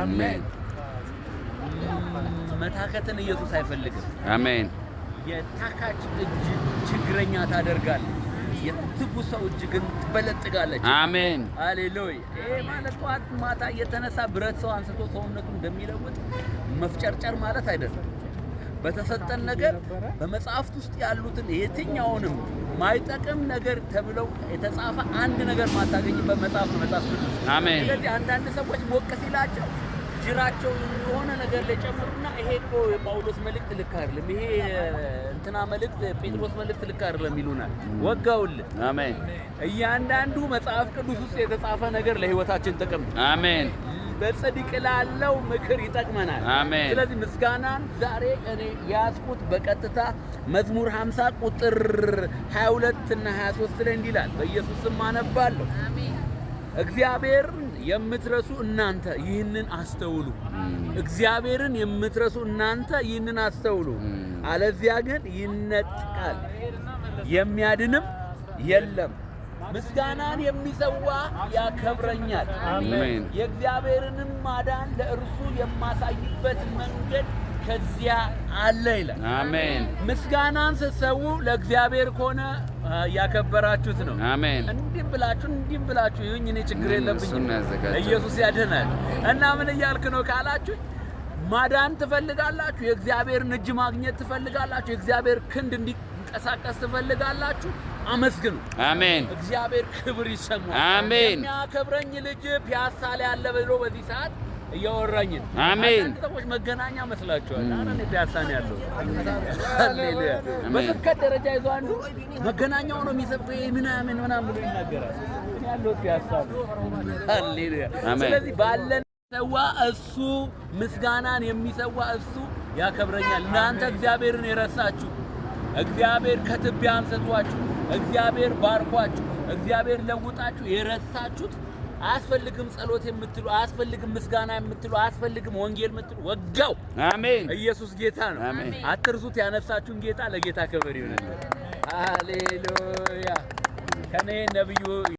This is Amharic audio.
አሜን። መታከትን ኢየሱስ አይፈልግም። አሜን። የታካች እጅ ችግረኛ ታደርጋለች፣ የትጉ ሰው እጅ ግን ትበለጥጋለች። አሜን። ሃሌሉያ። ይሄ ማለት ጠዋት ማታ እየተነሳ ብረት ሰው አንስቶ ሰውነቱ እንደሚለውጥ መፍጨርጨር ማለት አይደለም። በተሰጠን ነገር በመጽሐፍት ውስጥ ያሉትን የትኛውንም ማይጠቅም ነገር ተብለው የተጻፈ አንድ ነገር ማታገኝበት መጽሐፍ ነው መጽሐፍ ቅዱስ። አሜን። ስለዚህ አንዳንድ ሰዎች ሞቅ ሲላቸው ጅራቸው የሆነ ነገር ለጨምሩና ይሄ እኮ የጳውሎስ መልእክት ልክ አይደለም፣ ይሄ እንትና መልእክት ጴጥሮስ መልእክት ልክ አይደለም ይሉናል። ወጋውልን። አሜን። እያንዳንዱ መጽሐፍ ቅዱስ ውስጥ የተጻፈ ነገር ለህይወታችን ጥቅም። አሜን። በጽድቅ ላለው ምክር ይጠቅመናል። አሜን። ስለዚህ ምስጋናን ዛሬ እኔ ያዝኩት በቀጥታ መዝሙር 50 ቁጥር 22 እና 23 ላይ እንዲህ በኢየሱስም አነባለሁ። እግዚአብሔርን የምትረሱ እናንተ ይህንን አስተውሉ። እግዚአብሔርን የምትረሱ እናንተ ይህንን አስተውሉ። አለዚያ ግን ይነጥቃል፣ የሚያድንም የለም። ምስጋናን የሚሰዋ ያከብረኛል። የእግዚአብሔርንም ማዳን ለእርሱ የማሳይበት መንገድ ከዚያ አለ ይላል። አሜን። ምስጋናን ስትሰዉ ለእግዚአብሔር ከሆነ ያከበራችሁት ነው። አሜን። እንዲህም ብላችሁ እንዲህም ብላችሁ ይሁን፣ እኔ ችግር የለብኝም፣ ኢየሱስ ያድናል። እና ምን እያልክ ነው ካላችሁ ማዳን ትፈልጋላችሁ፣ የእግዚአብሔርን እጅ ማግኘት ትፈልጋላችሁ፣ የእግዚአብሔር ክንድ እንዲንቀሳቀስ ትፈልጋላችሁ አመስግኑ። አሜን። እግዚአብሔር ክብር ይሰማል። አሜን። የሚያከብረኝ ልጅ ፒያሳ ላይ አለ ብሎ በዚህ ሰዓት እያወራኝ ነው። አሜን። ሰዎች መገናኛ መስላችኋል። አረ እኔ ፒያሳ ነው ያለው። ሃሌሉያ። በስብከት ደረጃ ይዞ አንዱ መገናኛው ነው የሚሰብከው ምናምን ምናምን ብሎ ይናገራል። ያለው ፒያሳ ነው። ሃሌሉያ። ስለዚህ ባለ ሰዋ እሱ ምስጋናን የሚሰዋ እሱ ያከብረኛል። እናንተ እግዚአብሔርን የረሳችሁ እግዚአብሔር ከትቢያ አንስቷችሁ እግዚአብሔር ባርኳችሁ እግዚአብሔር ለውጣችሁ የረሳችሁት አያስፈልግም ጸሎት የምትሉ አያስፈልግም ምስጋና የምትሉ አያስፈልግም ወንጌል የምትሉ ወጋው። አሜን። ኢየሱስ ጌታ ነው። አትርሱት። ያነሳችሁን ጌታ ለጌታ ክብር ይሁንልን። ሃሌሉያ። ከኔ ነብዩ